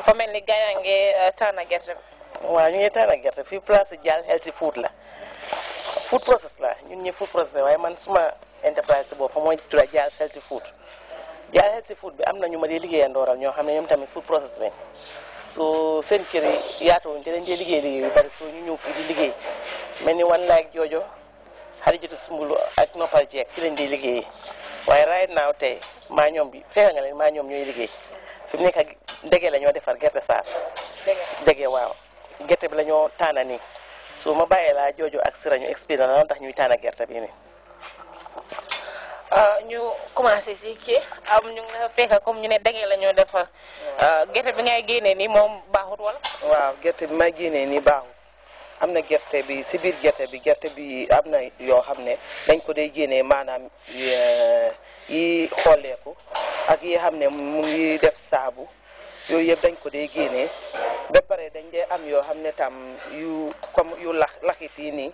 dafa mel ni gars yaa ngi a euh, gerte waa ñu ngi a gerte fii place Dial healthy food la food process la ñun ñi food process la waaye man suma enterprise boobu mooy tudda Dial healthy food. Dial healthy food bi am na ñu ma dee liggéeya ndooral ñoo xam ne ñoom tamit food process lañ soo seen kër yi yaatuwuñ te dañ dee liggéey liggéey yu bari soo ñu ñëw fii di liggéey mel ni wan laak joojo Xadijatu Sumbulu ak Noppal Jeeg lañ dee liggéey waaye right now tey maa ñoom bi fekk nga leen maa ñoom ñooy liggéey dege lañoo defar gerte saar dege waaw gerte bi lañoo ñoo taana nii su ma bàyyee laa jooju ak sira ñu expliqué la tax ñuy taana gerte bi ah, ñu commencé si ci am ñu ngi fekk comme ñu ne dege la ñoo defar ah, gerte bi ngay génnee nii moom baaxut wala waaw gerte bi may génnee nii baaxut am na gerte bi si biir gerte bi gerte bi am na yoo xam ne dañ ko dee génnee maanaam eh, yi xolleeku ak yi xam ne mu ngi def saabu yooyu yëpp dañ ko dee génnee ba pare dañ dee am yoo xam ne tam yu comme yu lax laxit yi nii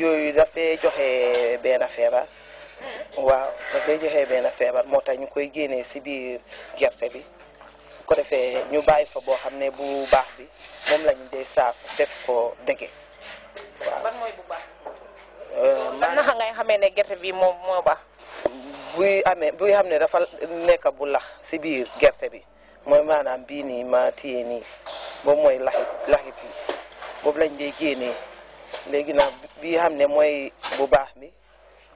yooyu daf dee joxe benn feebar waaw daf dee joxe benn feebar moo tax ñu koy génnee si biir gerte bi ko defee ñu bàyyi fa boo xam ne bu baax bi moom lañu dee saaf def ko dege waaw. ban mooy bu baax. Euh, ngay xamee ne gerte bi moom moo baax. buy amee buy xam ne dafa nekk bu lax si biir gerte bi. mooy maanaam bii nii ma téye nii boobu mooy laxit laxit bi boobu lañ dee génnee léegi nag bii xam ne mooy bu baax mi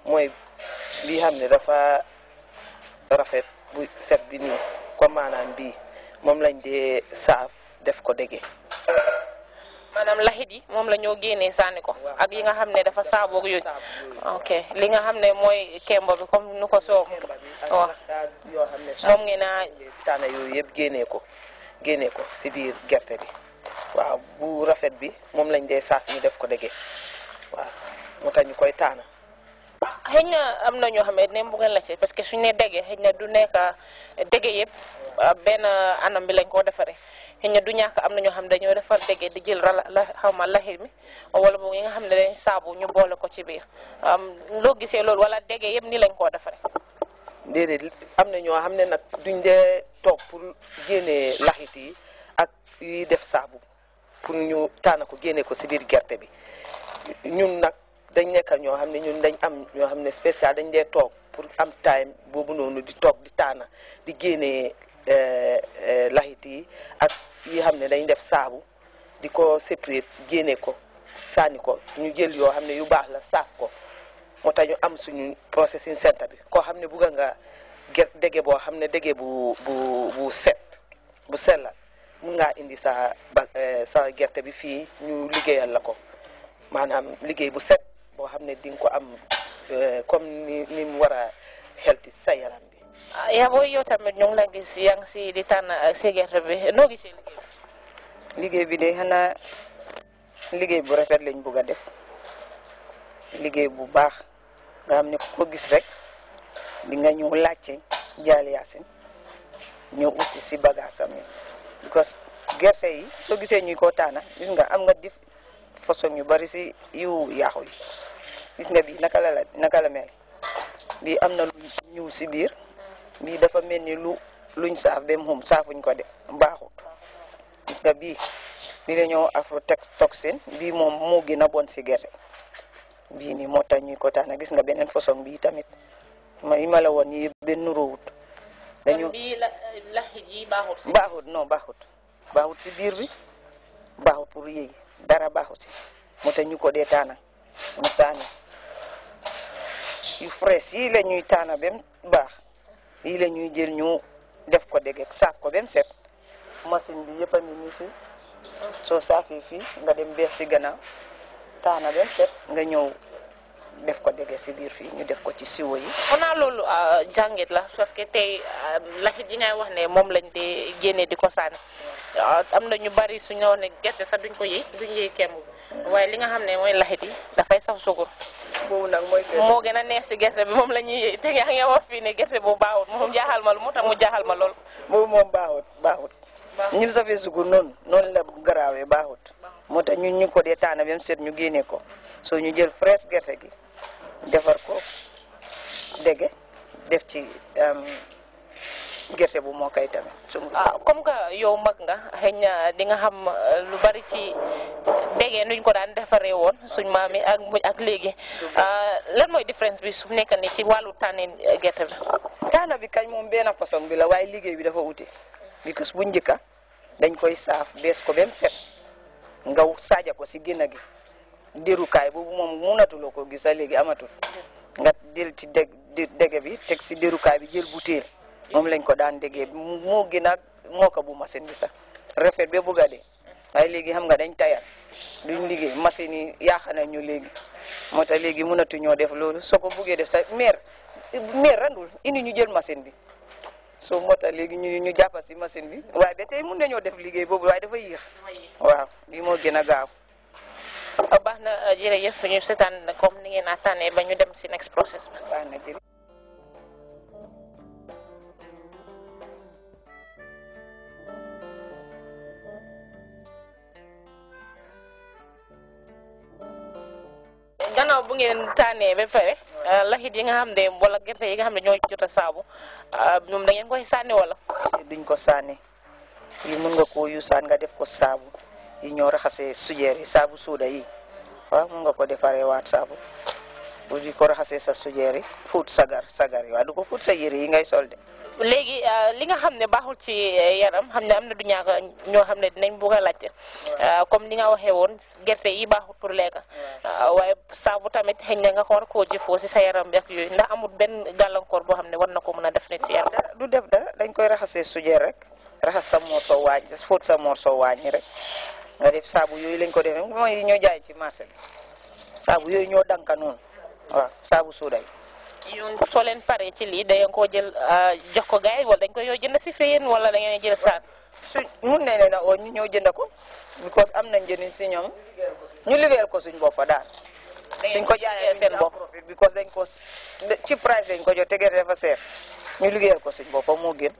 mooy bii xam ne dafa rafet bu set bi nii comme maanaam bii moom lañ dee saaf def ko dége maanaam laxit yi moom la ñoo génnee sànni ko ak yi nga xam ne dafa saaboog yooyu ok li nga xam ne mooy kemba bi comme nu ko soob waaw moom ngeen a tànn yooyu yëpp génnee ko génnee ko si biir gerte bi waaw bu rafet bi moom lañ dee saaf ñu def ko dege waaw moo tax koy tànn xëy na am na ñoo xam ne dinañ bëgg a laajte parce que suñu ne dege xëy na du nekk euh, dege yëpp euh, benn euh, anam bi lañ koo defaree xëy na du ñàkk am na ñoo xam ne dañoo defar dege di jël ra la xaw ma laxir mi wala boog yi nga xam ne dañ saabu ñu boole ko ci biir loo gisee loolu wala dege yëpp nii lañ koo defaree. déedéet am na ñoo xam ne nag duñ dee toog pour génnee laxit yi ak yi def saabu pour ñu tànn ko génne ko si biir gerte bi ñun nag. dañ nekk ñoo xam ne ñun dañ am ñoo xam ne spécial dañ dee toog pour am time boobu noonu di toog di taana di génne eh, eh, laxit yi ak yi xam ne dañ def saabu di ko séparé génne ko sànni ko ñu jël yoo xam ne yu baax la saaf ko moo tax ñu am suñu processing centre bi koo xam ne bugga nga get dege boo xam ne dege bu bu bu set bu sellal mun ngaa indi sa eh, sa gerte bi fii ñu liggéeyal la ko maanaam liggéey bu set boo xam ne dinga ko am euh, comme ni ni mu war a xelti sa yaram bi. ah yaa booy yow tamit ñu la gis yaa ngi si di tànn euh, gerte bi noo gisee liggéey bi. liggéey bi de xanaa liggéey bu rafet lañ bugg a def liggéey bu baax nga xam ne ku ko gis rek di nga ñëw laajte jaal yaasin ñëw uti si bagage yi because gerte yi soo gisee ñuy ko taana gis nga am nga dif façon yu bari si yu yaaxu yi gis nga bii naka la la naka la mel bii am na lu ñuul si biir bii dafa mel ni lu luñ saaf ba mu saafuñ ko de baaxut gis nga bii bi la ñoo afro toxine bii moom moo gën a bon si gerte bii nii moo tax ñuy ko tax na gis nga beneen façon bii tamit ma yi ma la woon yii benn nuróowut dañu baaxut baaxut baaxut baaxut si biir bi baaxut pour yéey dara baaxut si moo tax ñu ko dee taana mu saani yu fresh yii la ñuy taana ba mu baax yii la jël ñu def ko dégg saaf ko bem mu set machine bi yëpp a ngi ñu fii soo saafee fii nga dem bees si gannaaw taana ba mu set nga ñëw def ko dégg si biir fii ñu def ko ci siwo yi. xanaa loolu ah, jàngit la parce que tey ah, laxit yi ngay wax ne moom lañ de génnee di ko sànni ah, am na ñu bari suñu wax ne gerte sax duñ ko yëy duñ yëy kemb. waaye li nga xam ne mooy laxit yi dafay saf sukur boobu nag mooy moo gën a neex si gerte bi moom la ñuy te yaa ngi wax fii ne gerte bu baaxut moom jaaxal ma lu tax mu jaaxal ma lool boobu moom baaxut baaxut ñim safee sukur noonu noonu la garaawee baaxut moo tax ñu ñu ko dee taana ba mu seet ñu génne ko soo ñu jël fraise gerte gi defar ko dege def ci gerte ya, bu moo koy tamit ah comme que yow mag nga xëy di nga xam eh, lu bari ci dégee nuñ ko daan defaree woon suñ maam yi ak ak léegi ah, lan mooy différence bi su nekk ni ci wàllu tànnin eh, gerte bi taana bi kañ moom benn façon bi la waaye liggéey bi dafa wuti because bu njëkka dañ koy saaf bees ko bem set nga saaja ko si génn gi dérukaay boobu moom munatuloo ko gis a léegi amatul nga jël ci dege bi teg si dérukaay bi jël bouteille moom lañ ko daan déggee moo gi nag moo ko bu machine bi sax rafet bee bugg a waaye léegi xam nga dañ tayal duñ liggéey machine yi yaaxa na ñu léegi moo tax léegi mënatuñoo def loolu soo ko buggee def sax maire maire randul indi ñu jël machine bi soo moo léegi ñu ñu jàppa si machine bi waaye ba tey mun nañoo def liggéey boobu waaye dafa yéex waaw bii moo gën a gaaw baax na jërëjëf ñu seetaan comme ni ngeen a tànnee ba ñu dem si next process ba ginnaaw bu ngeen tànnee ba pare euh, laxit yi nga xam ne wala gerte yi nga xam ne ñoo jot a saabu euh, ñoom da ngeen koy sànni wala. duñ ko sànni yi mun nga koo yuusaan nga def ko saabu yi ñoo raxasee sujeer yi saabu suuda yi waaw mun nga ko defaree waat saabu bu di ko raxasee sa sujeer yi fuut sagar sagar yi waaw du ko fuut sa yére yi ngay sol de. léegi euh, li nga xam ne baaxul ci euh, yaram xam ne am na du ñàkk ñoo xam ne dinañ bugg a laajte euh, comme ni nga waxee woon gerte yi baaxul pour lekk waaye saabu tamit xëy na nga ko war koo jëfoo si sa yaram ak yooyu ndax amul benn gàllankoor boo xam ne war na ko mën a def nit si yaram. du def dara dañ koy raxasee sujee rek raxas sa morso waañ fóot sa morso waañ rek nga def saabu yooyu lañ ko defee mooy ñoo jaay ci marché bi saabu yooyu ñoo danka noonu waaw saabu suuday yoon soo leen paree ci lii dañ koo jël euh, jox ko gars yi wala dañ koy yoo jënd si fii yéen wala da jël saan. su mun nañ ne a oo oh, ñu ñëw jënd ko because am nañ njëriñ si ñoom ñu liggéeyal ko suñ boppa daal. suñ ko jaayee seen bopp because dañ ko ci price dañ ko jox tegee dafa seer ñu liggéeyal ko suñ boppa moo gën.